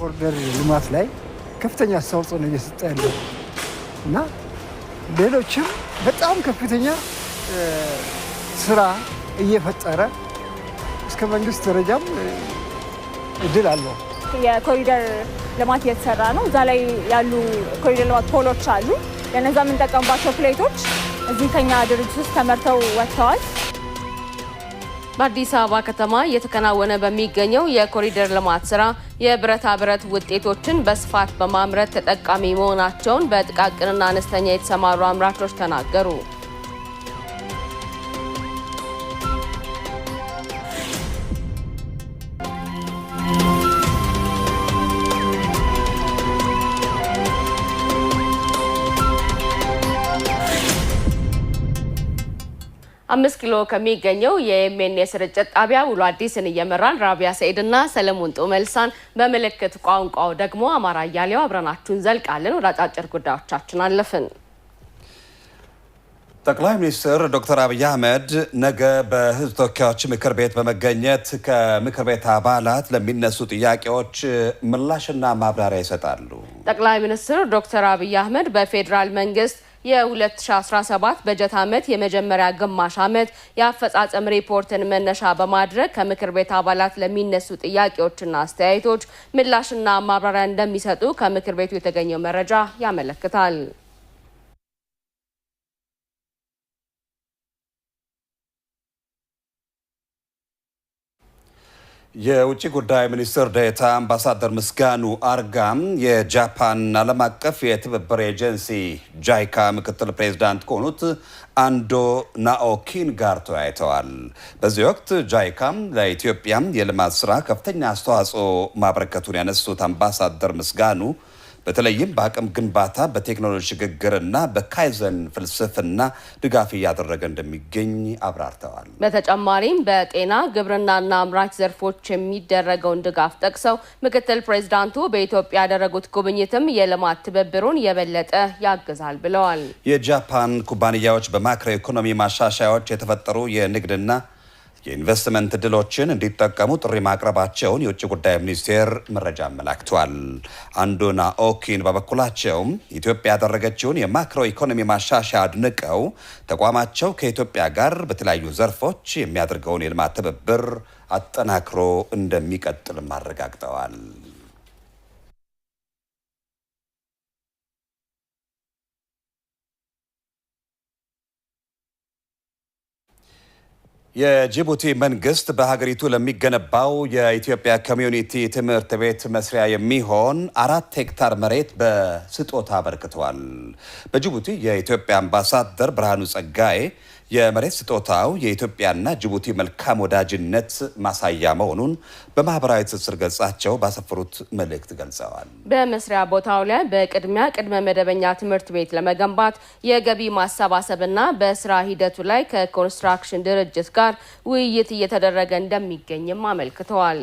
ኮሪደር ልማት ላይ ከፍተኛ አስተዋጽኦ ነው እየሰጠ ያለው እና ሌሎችም በጣም ከፍተኛ ስራ እየፈጠረ እስከ መንግስት ደረጃም እድል አለው። የኮሪደር ልማት እየተሰራ ነው። እዛ ላይ ያሉ ኮሪደር ልማት ፖሎች አሉ። ለነዛ የምንጠቀምባቸው ፕሌቶች እዚህ ከኛ ድርጅት ውስጥ ተመርተው ወጥተዋል። በአዲስ አበባ ከተማ እየተከናወነ በሚገኘው የኮሪደር ልማት ስራ የብረታ ብረት ውጤቶችን በስፋት በማምረት ተጠቃሚ መሆናቸውን በጥቃቅንና አነስተኛ የተሰማሩ አምራቾች ተናገሩ። አምስት ኪሎ ከሚገኘው የኤምኤንኤ ስርጭት ጣቢያ ውሎ አዲስን እየመራን ራቢያ ሰኢድና ሰለሞን ጦመልሳን በምልክት ቋንቋው ደግሞ አማራ እያሌው አብረናችሁን ዘልቃለን። ወደ አጫጭር ጉዳዮቻችን አለፍን። ጠቅላይ ሚኒስትር ዶክተር አብይ አህመድ ነገ በህዝብ ተወካዮች ምክር ቤት በመገኘት ከምክር ቤት አባላት ለሚነሱ ጥያቄዎች ምላሽና ማብራሪያ ይሰጣሉ። ጠቅላይ ሚኒስትር ዶክተር አብይ አህመድ በፌዴራል መንግስት የ2017 በጀት ዓመት የመጀመሪያ ግማሽ ዓመት የአፈጻጸም ሪፖርትን መነሻ በማድረግ ከምክር ቤት አባላት ለሚነሱ ጥያቄዎችና አስተያየቶች ምላሽና ማብራሪያ እንደሚሰጡ ከምክር ቤቱ የተገኘው መረጃ ያመለክታል። የውጭ ጉዳይ ሚኒስትር ዴታ አምባሳደር ምስጋኑ አርጋም የጃፓን ዓለም አቀፍ የትብብር ኤጀንሲ ጃይካ ምክትል ፕሬዚዳንት ከሆኑት አንዶ ናኦኪን ጋር ተወያይተዋል። በዚህ ወቅት ጃይካም ለኢትዮጵያም የልማት ስራ ከፍተኛ አስተዋጽኦ ማበረከቱን ያነሱት አምባሳደር ምስጋኑ በተለይም በአቅም ግንባታ፣ በቴክኖሎጂ ሽግግርና በካይዘን ፍልስፍና ድጋፍ እያደረገ እንደሚገኝ አብራርተዋል። በተጨማሪም በጤና ግብርናና አምራች ዘርፎች የሚደረገውን ድጋፍ ጠቅሰው ምክትል ፕሬዚዳንቱ በኢትዮጵያ ያደረጉት ጉብኝትም የልማት ትብብሩን የበለጠ ያግዛል ብለዋል። የጃፓን ኩባንያዎች በማክሮ ኢኮኖሚ ማሻሻያዎች የተፈጠሩ የንግድና የኢንቨስትመንት እድሎችን እንዲጠቀሙ ጥሪ ማቅረባቸውን የውጭ ጉዳይ ሚኒስቴር መረጃ አመላክቷል። አንዱና ኦኪን በበኩላቸውም ኢትዮጵያ ያደረገችውን የማክሮ ኢኮኖሚ ማሻሻያ አድንቀው ተቋማቸው ከኢትዮጵያ ጋር በተለያዩ ዘርፎች የሚያደርገውን የልማት ትብብር አጠናክሮ እንደሚቀጥልም አረጋግጠዋል። የጅቡቲ መንግስት በሀገሪቱ ለሚገነባው የኢትዮጵያ ኮሚዩኒቲ ትምህርት ቤት መስሪያ የሚሆን አራት ሄክታር መሬት በስጦታ አበርክተዋል። በጅቡቲ የኢትዮጵያ አምባሳደር ብርሃኑ ጸጋዬ የመሬት ስጦታው የኢትዮጵያና ጅቡቲ መልካም ወዳጅነት ማሳያ መሆኑን በማህበራዊ ትስስር ገጻቸው ባሰፈሩት መልእክት ገልጸዋል። በመስሪያ ቦታው ላይ በቅድሚያ ቅድመ መደበኛ ትምህርት ቤት ለመገንባት የገቢ ማሰባሰብና በስራ ሂደቱ ላይ ከኮንስትራክሽን ድርጅት ጋር ውይይት እየተደረገ እንደሚገኝም አመልክተዋል።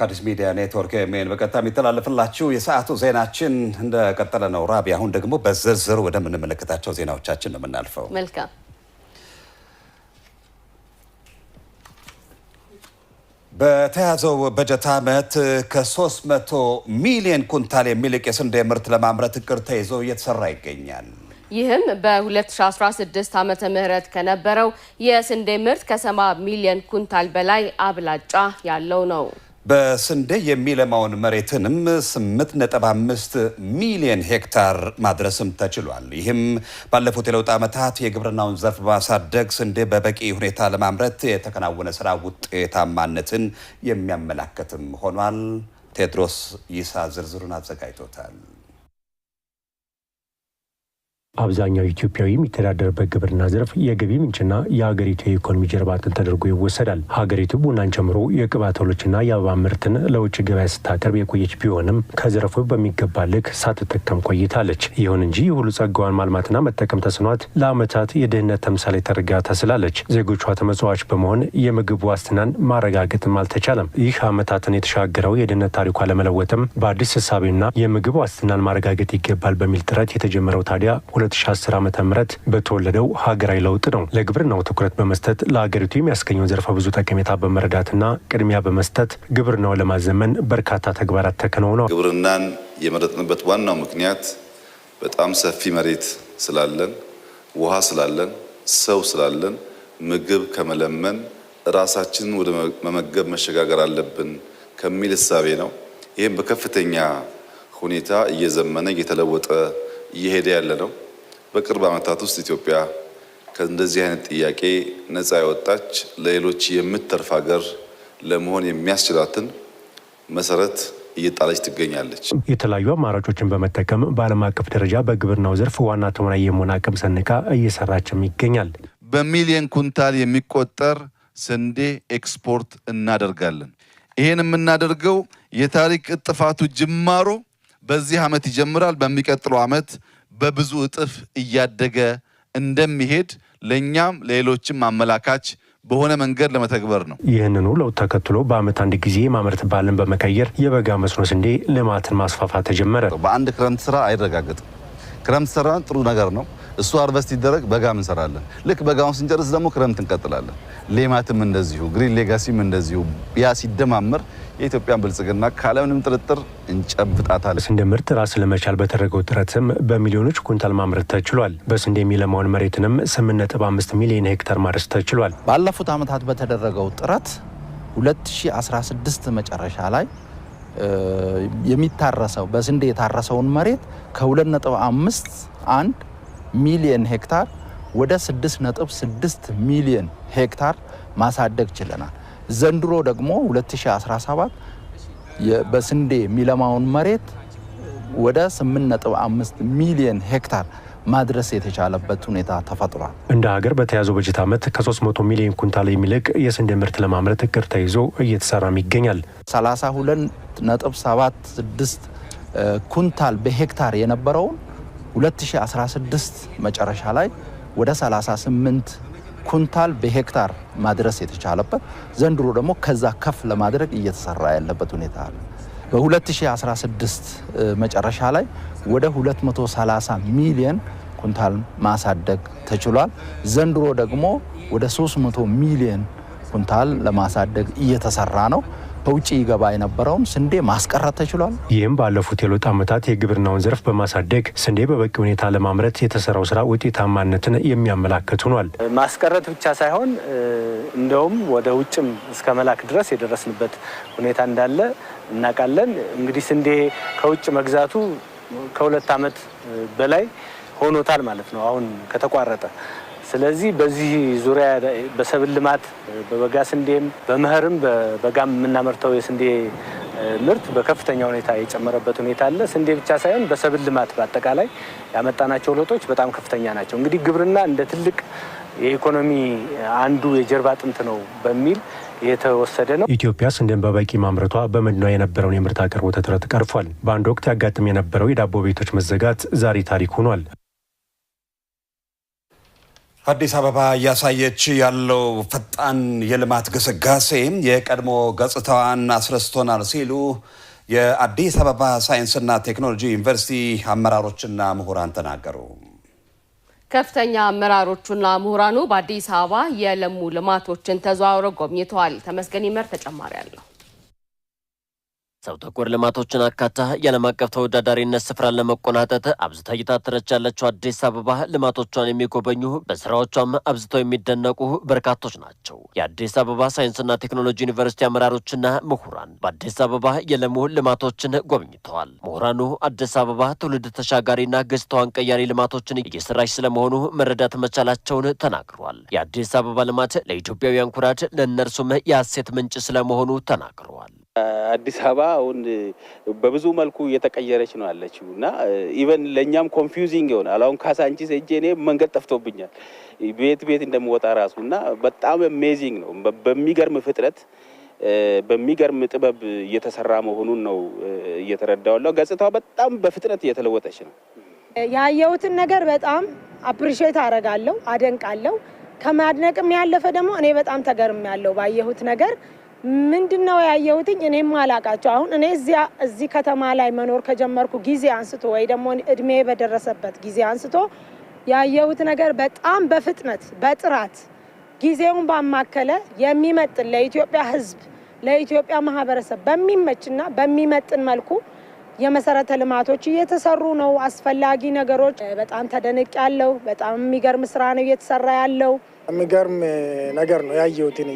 ከአዲስ ሚዲያ ኔትወርክ ሜን በቀጥታ የሚተላለፍላችሁ የሰዓቱ ዜናችን እንደቀጠለ ነው። ራቢ፣ አሁን ደግሞ በዝርዝር ወደምንመለከታቸው ዜናዎቻችን ነው የምናልፈው። መልካም በተያዘው በጀት ዓመት ከ300 ሚሊዮን ኩንታል የሚልቅ የስንዴ ምርት ለማምረት እቅድ ተይዞ እየተሰራ ይገኛል። ይህም በ2016 ዓመተ ምህረት ከነበረው የስንዴ ምርት ከ70 ሚሊዮን ኩንታል በላይ አብላጫ ያለው ነው። በስንዴ የሚለማውን መሬትንም 8.5 ሚሊዮን ሄክታር ማድረስም ተችሏል። ይህም ባለፉት የለውጥ ዓመታት የግብርናውን ዘርፍ በማሳደግ ስንዴ በበቂ ሁኔታ ለማምረት የተከናወነ ስራ ውጤታማነትን የሚያመላክትም ሆኗል። ቴድሮስ ይሳ ዝርዝሩን አዘጋጅቶታል። አብዛኛው ኢትዮጵያዊ የሚተዳደርበት ግብርና ዘርፍ የገቢ ምንጭና የሀገሪቱ የኢኮኖሚ ጀርባ አጥንት ተደርጎ ይወሰዳል። ሀገሪቱ ቡናን ጨምሮ የቅባት እህሎችና የአበባ ምርትን ለውጭ ገበያ ስታቀርብ የቆየች ቢሆንም ከዘርፉ በሚገባ ልክ ሳትጠቀም ቆይታለች። ይሁን እንጂ የሁሉ ጸጋዋን ማልማትና መጠቀም ተስኗት ለዓመታት የድህነት ተምሳሌ ተደርጋ ተስላለች። ዜጎቿ ተመጽዋች በመሆን የምግብ ዋስትናን ማረጋገጥም አልተቻለም። ይህ ዓመታትን የተሻገረው የድህነት ታሪኳ ለመለወጥም በአዲስ እሳቤና የምግብ ዋስትናን ማረጋገጥ ይገባል በሚል ጥረት የተጀመረው ታዲያ 2010 ዓ ም በተወለደው ሀገራዊ ለውጥ ነው። ለግብርናው ትኩረት በመስጠት ለሀገሪቱ የሚያስገኘውን ዘርፈ ብዙ ጠቀሜታ በመረዳትና ቅድሚያ በመስጠት ግብርናው ለማዘመን በርካታ ተግባራት ተከናውነዋል። ግብርናን የመረጥንበት ዋናው ምክንያት በጣም ሰፊ መሬት ስላለን፣ ውሃ ስላለን፣ ሰው ስላለን ምግብ ከመለመን ራሳችንን ወደ መመገብ መሸጋገር አለብን ከሚል እሳቤ ነው። ይህም በከፍተኛ ሁኔታ እየዘመነ እየተለወጠ እየሄደ ያለ ነው። በቅርብ ዓመታት ውስጥ ኢትዮጵያ ከእንደዚህ አይነት ጥያቄ ነፃ የወጣች ለሌሎች የምትተርፍ ሀገር ለመሆን የሚያስችላትን መሰረት እየጣለች ትገኛለች። የተለያዩ አማራጮችን በመጠቀም በዓለም አቀፍ ደረጃ በግብርናው ዘርፍ ዋና ተሞና የመሆን አቅም ሰንቃ እየሰራችም ይገኛል። በሚሊየን ኩንታል የሚቆጠር ስንዴ ኤክስፖርት እናደርጋለን። ይህን የምናደርገው የታሪክ እጥፋቱ ጅማሮ በዚህ ዓመት ይጀምራል። በሚቀጥለው ዓመት በብዙ እጥፍ እያደገ እንደሚሄድ ለእኛም ለሌሎችም አመላካች በሆነ መንገድ ለመተግበር ነው። ይህንኑ ለውጥ ተከትሎ በአመት አንድ ጊዜ የማምረት ባህልን በመቀየር የበጋ መስኖ ስንዴ ልማትን ማስፋፋት ተጀመረ። በአንድ ክረምት ስራ አይረጋገጥም። ክረምት ሰራን ጥሩ ነገር ነው እሱ አርቨስት ይደረግ፣ በጋም እንሰራለን። ልክ በጋውን ስንጨርስ ደግሞ ክረምት እንቀጥላለን። ሌማትም እንደዚሁ፣ ግሪን ሌጋሲም እንደዚሁ። ያ ሲደማመር የኢትዮጵያን ብልጽግና ካለምንም ጥርጥር እንጨብጣታለን። ስንዴ ምርት ራስ ለመቻል በተደረገው ጥረትም በሚሊዮኖች ኩንታል ማምረት ተችሏል። በስንዴ የሚለማውን መሬትንም 8.5 ሚሊዮን ሄክታር ማድረስ ተችሏል። ባለፉት ዓመታት በተደረገው ጥረት 2016 መጨረሻ ላይ የሚታረሰው በስንዴ የታረሰውን መሬት ከ2.5 1 ሚሊየን ሄክታር ወደ 6.6 ሚሊየን ሄክታር ማሳደግ ችለናል። ዘንድሮ ደግሞ 2017 በስንዴ የሚለማውን መሬት ወደ 8.5 ሚሊየን ሄክታር ማድረስ የተቻለበት ሁኔታ ተፈጥሯል። እንደ ሀገር በተያዘው በጀት ዓመት ከ300 ሚሊዮን ኩንታል የሚልቅ የስንዴ ምርት ለማምረት እቅድ ተይዞ እየተሰራም ይገኛል። 32.76 ኩንታል በሄክታር የነበረውን 2016 መጨረሻ ላይ ወደ 38 ኩንታል በሄክታር ማድረስ የተቻለበት ዘንድሮ ደግሞ ከዛ ከፍ ለማድረግ እየተሰራ ያለበት ሁኔታ አለ። በ2016 መጨረሻ ላይ ወደ 230 ሚሊዮን ኩንታል ማሳደግ ተችሏል። ዘንድሮ ደግሞ ወደ 300 ሚሊዮን ኩንታል ለማሳደግ እየተሰራ ነው። ከውጭ ይገባ የነበረውም ስንዴ ማስቀረት ተችሏል። ይህም ባለፉት የለውጥ ዓመታት የግብርናውን ዘርፍ በማሳደግ ስንዴ በበቂ ሁኔታ ለማምረት የተሰራው ስራ ውጤታማነትን የሚያመላክት ሆኗል። ማስቀረት ብቻ ሳይሆን እንደውም ወደ ውጭም እስከ መላክ ድረስ የደረስንበት ሁኔታ እንዳለ እናውቃለን። እንግዲህ ስንዴ ከውጭ መግዛቱ ከሁለት ዓመት በላይ ሆኖታል ማለት ነው አሁን ከተቋረጠ ስለዚህ በዚህ ዙሪያ በሰብል ልማት በበጋ ስንዴም በመኸርም በበጋም የምናመርተው የስንዴ ምርት በከፍተኛ ሁኔታ የጨመረበት ሁኔታ አለ። ስንዴ ብቻ ሳይሆን በሰብል ልማት በአጠቃላይ ያመጣናቸው ለውጦች በጣም ከፍተኛ ናቸው። እንግዲህ ግብርና እንደ ትልቅ የኢኮኖሚ አንዱ የጀርባ አጥንት ነው በሚል የተወሰደ ነው። ኢትዮጵያ ስንዴን በበቂ ማምረቷ በመድኗ የነበረውን የምርት አቅርቦት እጥረት ቀርፏል። በአንድ ወቅት ያጋጥም የነበረው የዳቦ ቤቶች መዘጋት ዛሬ ታሪክ ሆኗል። አዲስ አበባ እያሳየች ያለው ፈጣን የልማት ግስጋሴ የቀድሞ ገጽታዋን አስረስቶናል ሲሉ የአዲስ አበባ ሳይንስና ቴክኖሎጂ ዩኒቨርሲቲ አመራሮችና ምሁራን ተናገሩ። ከፍተኛ አመራሮቹና ምሁራኑ በአዲስ አበባ የለሙ ልማቶችን ተዘዋውረው ጎብኝተዋል። ተመስገን ይመር ተጨማሪ አለው። ሰው ተኮር ልማቶችን አካታ የዓለም አቀፍ ተወዳዳሪነት ስፍራን ለመቆናጠጥ አብዝታ እየታተረች ያለችው አዲስ አበባ ልማቶቿን የሚጎበኙ በስራዎቿም አብዝተው የሚደነቁ በርካቶች ናቸው። የአዲስ አበባ ሳይንስና ቴክኖሎጂ ዩኒቨርሲቲ አመራሮችና ምሁራን በአዲስ አበባ የለሙ ልማቶችን ጎብኝተዋል። ምሁራኑ አዲስ አበባ ትውልድ ተሻጋሪና ገጽታዋን ቀያሪ ልማቶችን እየሰራች ስለመሆኑ መረዳት መቻላቸውን ተናግረዋል። የአዲስ አበባ ልማት ለኢትዮጵያውያን ኩራት፣ ለእነርሱም የሐሴት ምንጭ ስለመሆኑ ተናግረዋል። አዲስ አበባ አሁን በብዙ መልኩ እየተቀየረች ነው ያለችው እና ኢቨን ለእኛም ኮንፊውዚንግ ይሆናል። አሁን ካሳንቺስ ሄጄ እኔ መንገድ ጠፍቶብኛል ቤት ቤት እንደምወጣ ራሱ እና በጣም አሜዚንግ ነው። በሚገርም ፍጥረት በሚገርም ጥበብ እየተሰራ መሆኑን ነው እየተረዳውለው። ገጽታዋ በጣም በፍጥነት እየተለወጠች ነው። ያየሁትን ነገር በጣም አፕሪሼት አረጋለሁ፣ አደንቃለሁ። ከማድነቅም ያለፈ ደግሞ እኔ በጣም ተገርም ያለው ባየሁት ነገር ምንድን ነው ያየሁትኝ እኔም አላቃቸው። አሁን እኔ እዚያ እዚህ ከተማ ላይ መኖር ከጀመርኩ ጊዜ አንስቶ ወይ ደግሞ እድሜ በደረሰበት ጊዜ አንስቶ ያየሁት ነገር በጣም በፍጥነት በጥራት ጊዜውን ባማከለ የሚመጥን ለኢትዮጵያ ሕዝብ ለኢትዮጵያ ማህበረሰብ በሚመችና በሚመጥን መልኩ የመሰረተ ልማቶች እየተሰሩ ነው። አስፈላጊ ነገሮች በጣም ተደንቅ ያለው በጣም የሚገርም ስራ ነው እየተሰራ ያለው። የሚገርም ነገር ነው ያየሁት እኔ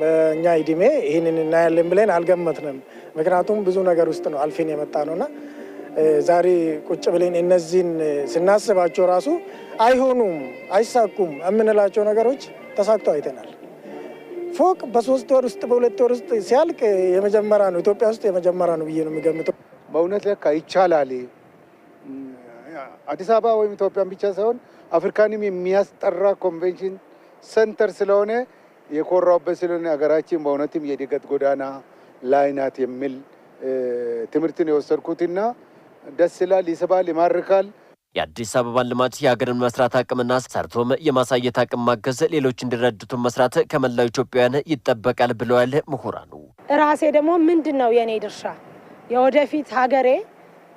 በእኛ እድሜ ይህንን እናያለን ብለን አልገመትንም። ምክንያቱም ብዙ ነገር ውስጥ ነው አልፌን የመጣ ነውና ዛሬ ቁጭ ብለን እነዚህን ስናስባቸው ራሱ አይሆኑም፣ አይሳኩም የምንላቸው ነገሮች ተሳክቶ አይተናል። ፎቅ በሶስት ወር ውስጥ በሁለት ወር ውስጥ ሲያልቅ የመጀመሪያ ነው ኢትዮጵያ ውስጥ የመጀመሪያ ነው ብዬ ነው የሚገምተው። በእውነት ለካ ይቻላል። አዲስ አበባ ወይም ኢትዮጵያን ብቻ ሳይሆን አፍሪካንም የሚያስጠራ ኮንቬንሽን ሰንተር ስለሆነ የኮራውበት ስለሆነ ሀገራችን በእውነትም የእድገት ጎዳና ላይ ናት የሚል ትምህርትን የወሰድኩትና ደስ ይላል፣ ይስባል፣ ይማርካል። የአዲስ አበባን ልማት የሀገርን መስራት አቅምና ሰርቶም የማሳየት አቅም ማገዝ፣ ሌሎች እንዲረዱትን መስራት ከመላው ኢትዮጵያውያን ይጠበቃል ብለዋል ምሁራኑ። ራሴ ደግሞ ምንድን ነው የእኔ ድርሻ የወደፊት ሀገሬ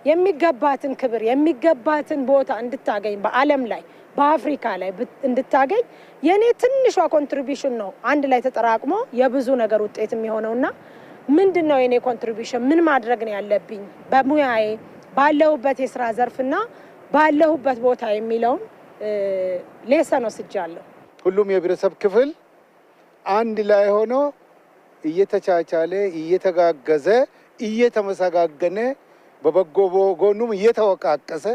የሚገባትን ክብር የሚገባትን ቦታ እንድታገኝ በዓለም ላይ በአፍሪካ ላይ እንድታገኝ የኔ ትንሿ ኮንትሪቢሽን ነው አንድ ላይ ተጠራቅሞ የብዙ ነገር ውጤት የሚሆነውና ምንድን ነው የኔ ኮንትሪቢሽን? ምን ማድረግ ነው ያለብኝ በሙያዬ ባለሁበት የስራ ዘርፍና ባለሁበት ቦታ የሚለውን ሌሰን ወስጃለሁ። ሁሉም የብሔረሰብ ክፍል አንድ ላይ ሆኖ እየተቻቻለ እየተጋገዘ እየተመሰጋገነ በበጎ ጎኑም እየተወቃቀሰ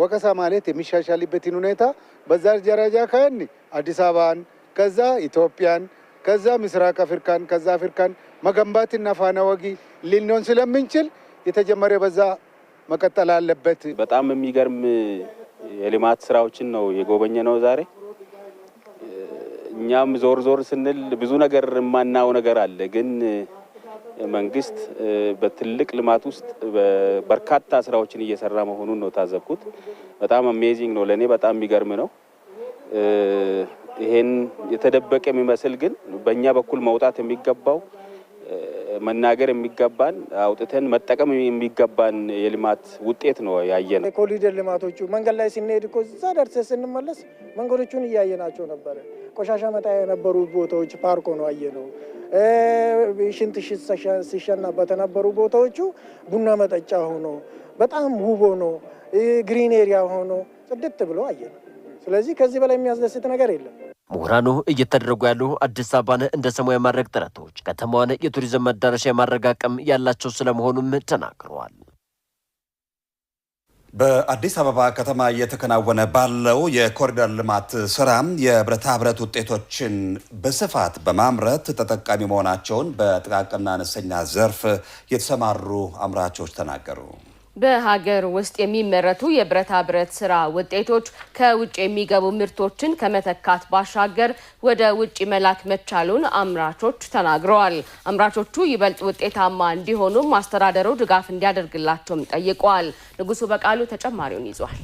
ወቀሳ ማለት የሚሻሻልበትን ሁኔታ በዛ ደረጃ ካያን አዲስ አበባን ከዛ ኢትዮጵያን ከዛ ምስራቅ አፍሪካን ከዛ አፍሪካን መገንባትና ፋና ወጊ ልንሆን ስለምንችል የተጀመረ በዛ መቀጠል አለበት። በጣም የሚገርም የልማት ስራዎችን ነው የጎበኘ ነው ዛሬ። እኛም ዞር ዞር ስንል ብዙ ነገር የማናው ነገር አለ ግን መንግስት በትልቅ ልማት ውስጥ በርካታ ስራዎችን እየሰራ መሆኑን ነው ታዘብኩት። በጣም አሜዚንግ ነው፣ ለእኔ በጣም የሚገርም ነው። ይሄን የተደበቀ የሚመስል ግን በእኛ በኩል መውጣት የሚገባው መናገር የሚገባን አውጥተን መጠቀም የሚገባን የልማት ውጤት ነው ያየ ነው። ኮሪደር ልማቶቹ መንገድ ላይ ስንሄድ እኮ እዛ ደርሰ ስንመለስ መንገዶቹን እያየናቸው ነበረ። ቆሻሻ መጣያ የነበሩ ቦታዎች ፓርክ ሆኖ አየ ነው። ሽንት ሲሸናበት የነበሩ ቦታዎቹ ቡና መጠጫ ሆኖ በጣም ውብ ሆኖ ግሪን ኤሪያ ሆኖ ጽድት ብሎ አየ ነው። ስለዚህ ከዚህ በላይ የሚያስደስት ነገር የለም። ምሁራኑ እየተደረጉ ያሉ አዲስ አበባን እንደ ሰሙ የማድረግ ጥረቶች ከተማዋን የቱሪዝም መዳረሻ የማድረግ አቅም ያላቸው ስለመሆኑም ተናግረዋል። በአዲስ አበባ ከተማ እየተከናወነ ባለው የኮሪደር ልማት ስራም የብረታ ብረት ውጤቶችን በስፋት በማምረት ተጠቃሚ መሆናቸውን በጥቃቅና አነስተኛ ዘርፍ የተሰማሩ አምራቾች ተናገሩ። በሀገር ውስጥ የሚመረቱ የብረታ ብረት ስራ ውጤቶች ከውጭ የሚገቡ ምርቶችን ከመተካት ባሻገር ወደ ውጭ መላክ መቻሉን አምራቾች ተናግረዋል። አምራቾቹ ይበልጥ ውጤታማ እንዲሆኑም አስተዳደሩ ድጋፍ እንዲያደርግላቸውም ጠይቀዋል። ንጉሱ በቃሉ ተጨማሪውን ይዟል።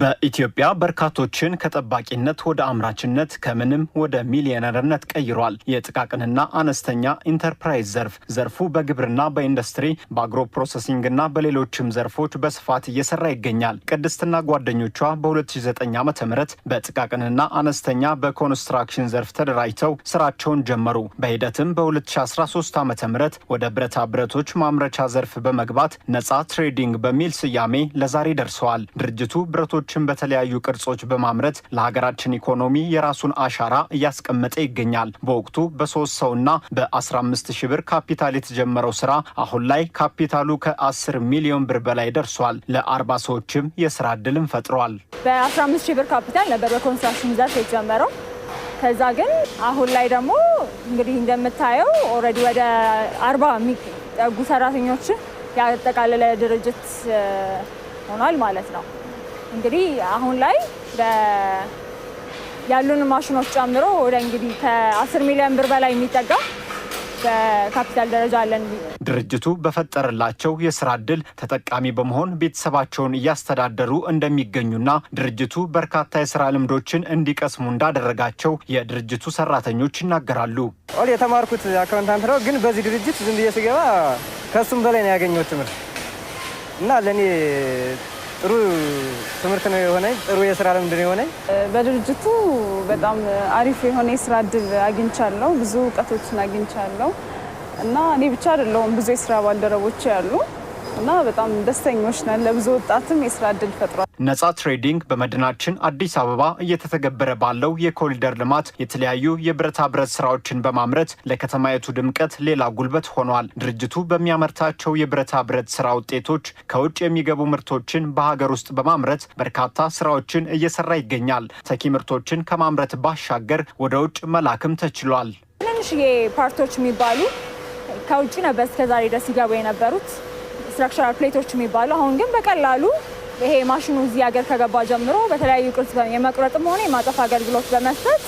በኢትዮጵያ በርካቶችን ከጠባቂነት ወደ አምራችነት ከምንም ወደ ሚሊዮነርነት ቀይሯል። የጥቃቅንና አነስተኛ ኢንተርፕራይዝ ዘርፍ ዘርፉ በግብርና፣ በኢንዱስትሪ፣ በአግሮ ፕሮሰሲንግና በሌሎችም ዘርፎች በስፋት እየሰራ ይገኛል። ቅድስትና ጓደኞቿ በ2009 ዓ ም በጥቃቅንና አነስተኛ በኮንስትራክሽን ዘርፍ ተደራጅተው ስራቸውን ጀመሩ። በሂደትም በ2013 ዓ ም ወደ ብረታ ብረቶች ማምረቻ ዘርፍ በመግባት ነጻ ትሬዲንግ በሚል ስያሜ ለዛሬ ደርሰዋል። ድርጅቱ ብረቶ ምርቶችን በተለያዩ ቅርጾች በማምረት ለሀገራችን ኢኮኖሚ የራሱን አሻራ እያስቀመጠ ይገኛል። በወቅቱ በሶስት ሰውና በ15 ሺህ ብር ካፒታል የተጀመረው ስራ አሁን ላይ ካፒታሉ ከ10 ሚሊዮን ብር በላይ ደርሷል። ለአርባ ሰዎችም የስራ እድልን ፈጥሯል። በ15 ሺህ ብር ካፒታል ነበር በኮንስትራክሽን ዘርፍ የተጀመረው። ከዛ ግን አሁን ላይ ደግሞ እንግዲህ እንደምታየው ኦልሬዲ ወደ አርባ የሚጠጉ ሰራተኞችን ያጠቃለለ ድርጅት ሆኗል ማለት ነው። እንግዲህ አሁን ላይ ያሉን ማሽኖች ጨምሮ ወደ እንግዲህ ከአስር ሚሊዮን ብር በላይ የሚጠጋ በካፒታል ደረጃ አለን። ድርጅቱ በፈጠረላቸው የስራ እድል ተጠቃሚ በመሆን ቤተሰባቸውን እያስተዳደሩ እንደሚገኙና ድርጅቱ በርካታ የስራ ልምዶችን እንዲቀስሙ እንዳደረጋቸው የድርጅቱ ሰራተኞች ይናገራሉ። ኦል የተማርኩት አካውንታንት ነው፣ ግን በዚህ ድርጅት ዝም ብዬ ስገባ ከሱም በላይ ነው ያገኘው ትምህርት እና ለእኔ ጥሩ ትምህርት ነው የሆነ ጥሩ የስራ ልምድ ነው የሆነ በድርጅቱ በጣም አሪፍ የሆነ የስራ እድል አግኝቻለሁ፣ ብዙ እውቀቶችን አግኝቻለሁ እና እኔ ብቻ አይደለሁም ብዙ የስራ ባልደረቦች ያሉ እና በጣም ደስተኞች ነን። ለብዙ ወጣትም የስራ እድል ፈጥሯል። ነጻ ትሬዲንግ በመዲናችን አዲስ አበባ እየተተገበረ ባለው የኮሪደር ልማት የተለያዩ የብረታ ብረት ስራዎችን በማምረት ለከተማይቱ ድምቀት ሌላ ጉልበት ሆኗል። ድርጅቱ በሚያመርታቸው የብረታ ብረት ስራ ውጤቶች ከውጭ የሚገቡ ምርቶችን በሀገር ውስጥ በማምረት በርካታ ስራዎችን እየሰራ ይገኛል። ተኪ ምርቶችን ከማምረት ባሻገር ወደ ውጭ መላክም ተችሏል። ትንንሽ ፓርቶች የሚባሉ ከውጭ ነበር እስከዛሬ ድረስ ሲገቡ የነበሩት ስትራክቸራል ፕሌቶች የሚባሉ አሁን ግን በቀላሉ ይሄ ማሽኑ እዚህ ሀገር ከገባ ጀምሮ በተለያዩ ቅርጽ የመቁረጥም ሆነ የማጠፍ አገልግሎት በመስጠት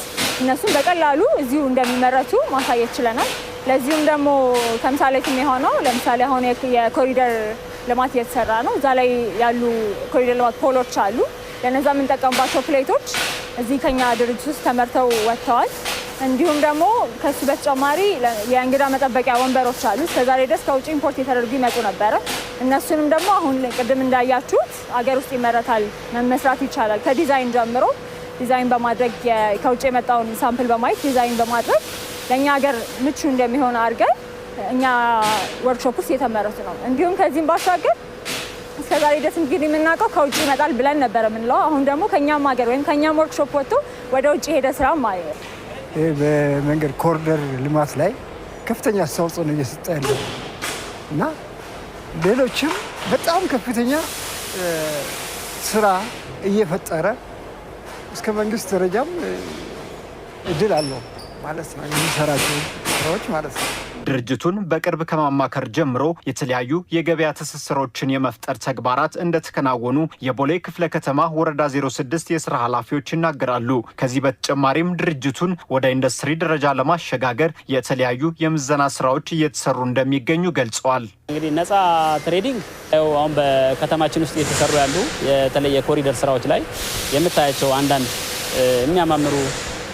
እነሱም በቀላሉ እዚሁ እንደሚመረቱ ማሳየት ችለናል። ለዚሁም ደግሞ ተምሳሌትም የሆነው ለምሳሌ አሁን የኮሪደር ልማት እየተሰራ ነው። እዛ ላይ ያሉ ኮሪደር ልማት ፖሎች አሉ። ለነዛ የምንጠቀምባቸው ፕሌቶች እዚህ ከኛ ድርጅት ውስጥ ተመርተው ወጥተዋል። እንዲሁም ደግሞ ከሱ በተጨማሪ የእንግዳ መጠበቂያ ወንበሮች አሉ። እስከዛሬ ድረስ ከውጭ ኢምፖርት የተደርጉ ይመጡ ነበረ። እነሱንም ደግሞ አሁን ቅድም እንዳያችሁት አገር ውስጥ ይመረታል፣ መመስራት ይቻላል። ከዲዛይን ጀምሮ ዲዛይን በማድረግ ከውጭ የመጣውን ሳምፕል በማየት ዲዛይን በማድረግ ለእኛ ሀገር ምቹ እንደሚሆን አድርገን እኛ ወርክሾፕ ውስጥ የተመረቱ ነው። እንዲሁም ከዚህም ባሻገር እስከዛሬ ድረስ እንግዲህ የምናውቀው ከውጭ ይመጣል ብለን ነበረ የምንለው። አሁን ደግሞ ከኛም ሀገር ወይም ከኛም ወርክሾፕ ወጥቶ ወደ ውጭ ሄደ ስራ ማለት በመንገድ ኮሪደር ልማት ላይ ከፍተኛ አስተዋጽኦ ነው እየሰጠ ያለ እና ሌሎችም በጣም ከፍተኛ ስራ እየፈጠረ እስከ መንግስት ደረጃም እድል አለው ማለት ነው የሚሰራቸው ስራዎች ማለት ነው። ድርጅቱን በቅርብ ከማማከር ጀምሮ የተለያዩ የገበያ ትስስሮችን የመፍጠር ተግባራት እንደተከናወኑ የቦሌ ክፍለ ከተማ ወረዳ 06 የስራ ኃላፊዎች ይናገራሉ። ከዚህ በተጨማሪም ድርጅቱን ወደ ኢንዱስትሪ ደረጃ ለማሸጋገር የተለያዩ የምዘና ስራዎች እየተሰሩ እንደሚገኙ ገልጸዋል። እንግዲህ ነጻ ትሬዲንግ አሁን በከተማችን ውስጥ እየተሰሩ ያሉ የተለየ ኮሪደር ስራዎች ላይ የምታያቸው አንዳንድ የሚያማምሩ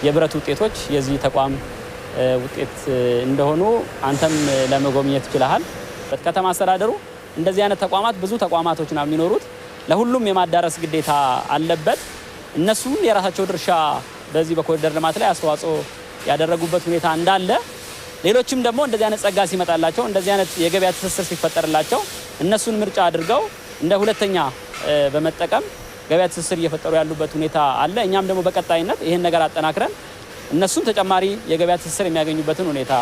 የብረት ውጤቶች የዚህ ተቋም ውጤት እንደሆኑ አንተም ለመጎብኘት ችለሃል። በከተማ አስተዳደሩ እንደዚህ አይነት ተቋማት ብዙ ተቋማቶች ነው የሚኖሩት። ለሁሉም የማዳረስ ግዴታ አለበት። እነሱም የራሳቸው ድርሻ በዚህ በኮሪደር ልማት ላይ አስተዋጽኦ ያደረጉበት ሁኔታ እንዳለ፣ ሌሎችም ደግሞ እንደዚህ አይነት ጸጋ ሲመጣላቸው፣ እንደዚህ አይነት የገበያ ትስስር ሲፈጠርላቸው እነሱን ምርጫ አድርገው እንደ ሁለተኛ በመጠቀም ገበያ ትስስር እየፈጠሩ ያሉበት ሁኔታ አለ። እኛም ደግሞ በቀጣይነት ይህን ነገር አጠናክረን እነሱም ተጨማሪ የገበያ ትስስር የሚያገኙበትን ሁኔታ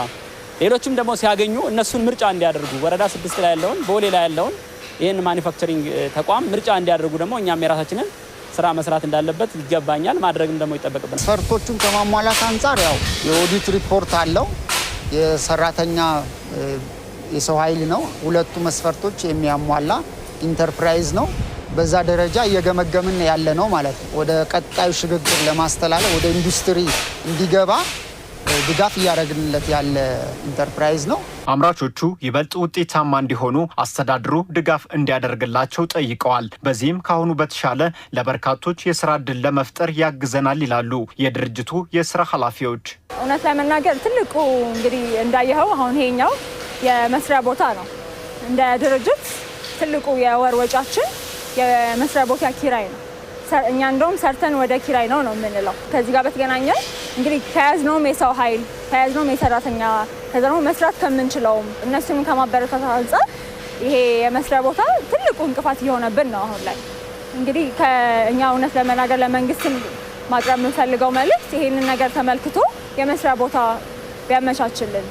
ሌሎችም ደግሞ ሲያገኙ እነሱን ምርጫ እንዲያደርጉ ወረዳ ስድስት ላይ ያለውን ቦሌ ላይ ያለውን ይህን ማኒፋክቸሪንግ ተቋም ምርጫ እንዲያደርጉ ደግሞ እኛም የራሳችንን ስራ መስራት እንዳለበት ይገባኛል። ማድረግም ደግሞ ይጠበቅብናል። መስፈርቶቹን ከማሟላት አንጻር ያው የኦዲት ሪፖርት አለው፣ የሰራተኛ የሰው ኃይል ነው። ሁለቱ መስፈርቶች የሚያሟላ ኢንተርፕራይዝ ነው። በዛ ደረጃ እየገመገምን ያለ ነው ማለት ነው። ወደ ቀጣዩ ሽግግር ለማስተላለፍ ወደ ኢንዱስትሪ እንዲገባ ድጋፍ እያደረግንለት ያለ ኢንተርፕራይዝ ነው። አምራቾቹ ይበልጥ ውጤታማ እንዲሆኑ አስተዳድሩ ድጋፍ እንዲያደርግላቸው ጠይቀዋል። በዚህም ከአሁኑ በተሻለ ለበርካቶች የስራ እድል ለመፍጠር ያግዘናል ይላሉ የድርጅቱ የስራ ኃላፊዎች። እውነት ለመናገር ትልቁ እንግዲህ እንዳየኸው አሁን ይሄኛው የመስሪያ ቦታ ነው። እንደ ድርጅት ትልቁ የወር ወጫችን የመስሪያ ቦታ ኪራይ ነው። እኛ እንደውም ሰርተን ወደ ኪራይ ነው ነው የምንለው። ከዚህ ጋር በተገናኘ እንግዲህ ከያዝነውም የሰው ኃይል ከያዝነውም የሰራተኛ ከዛ ደግሞ መስራት ከምንችለውም እነሱን ከማበረታታት አንጻር ይሄ የመስሪያ ቦታ ትልቁ እንቅፋት እየሆነብን ነው አሁን ላይ። እንግዲህ ከእኛ እውነት ለመናገር ለመንግስትም ማቅረብ የምንፈልገው መልእክት ይህንን ነገር ተመልክቶ የመስሪያ ቦታ ቢያመቻችልን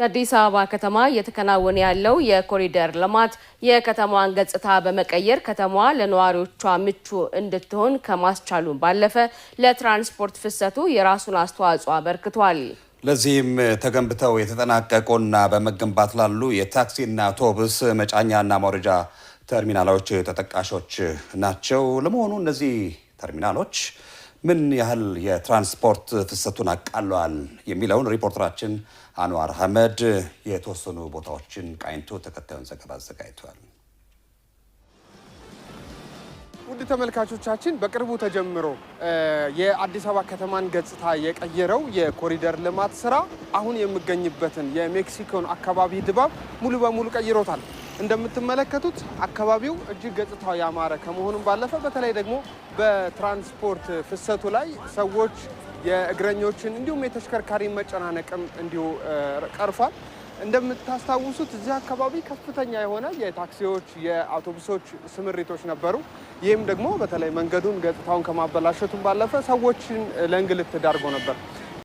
የአዲስ አበባ ከተማ እየተከናወነ ያለው የኮሪደር ልማት የከተማዋን ገጽታ በመቀየር ከተማዋ ለነዋሪዎቿ ምቹ እንድትሆን ከማስቻሉን ባለፈ ለትራንስፖርት ፍሰቱ የራሱን አስተዋጽኦ አበርክቷል። ለዚህም ተገንብተው የተጠናቀቁና በመገንባት ላሉ የታክሲና አውቶቡስ መጫኛና ማውረጃ ተርሚናሎች ተጠቃሾች ናቸው። ለመሆኑ እነዚህ ተርሚናሎች ምን ያህል የትራንስፖርት ፍሰቱን አቃለዋል የሚለውን ሪፖርተራችን አንዋር አህመድ የተወሰኑ ቦታዎችን ቃኝቶ ተከታዩን ዘገባ አዘጋጅቷል። ውድ ተመልካቾቻችን በቅርቡ ተጀምሮ የአዲስ አበባ ከተማን ገጽታ የቀየረው የኮሪደር ልማት ስራ አሁን የምገኝበትን የሜክሲኮን አካባቢ ድባብ ሙሉ በሙሉ ቀይሮታል። እንደምትመለከቱት አካባቢው እጅግ ገጽታው ያማረ ከመሆኑም ባለፈ በተለይ ደግሞ በትራንስፖርት ፍሰቱ ላይ ሰዎች የእግረኞችን እንዲሁም የተሽከርካሪ መጨናነቅም እንዲሁ ቀርፏል። እንደምታስታውሱት እዚህ አካባቢ ከፍተኛ የሆነ የታክሲዎች የአውቶቡሶች ስምሪቶች ነበሩ። ይህም ደግሞ በተለይ መንገዱን ገጽታውን ከማበላሸቱን ባለፈ ሰዎችን ለእንግልት ዳርጎ ነበር።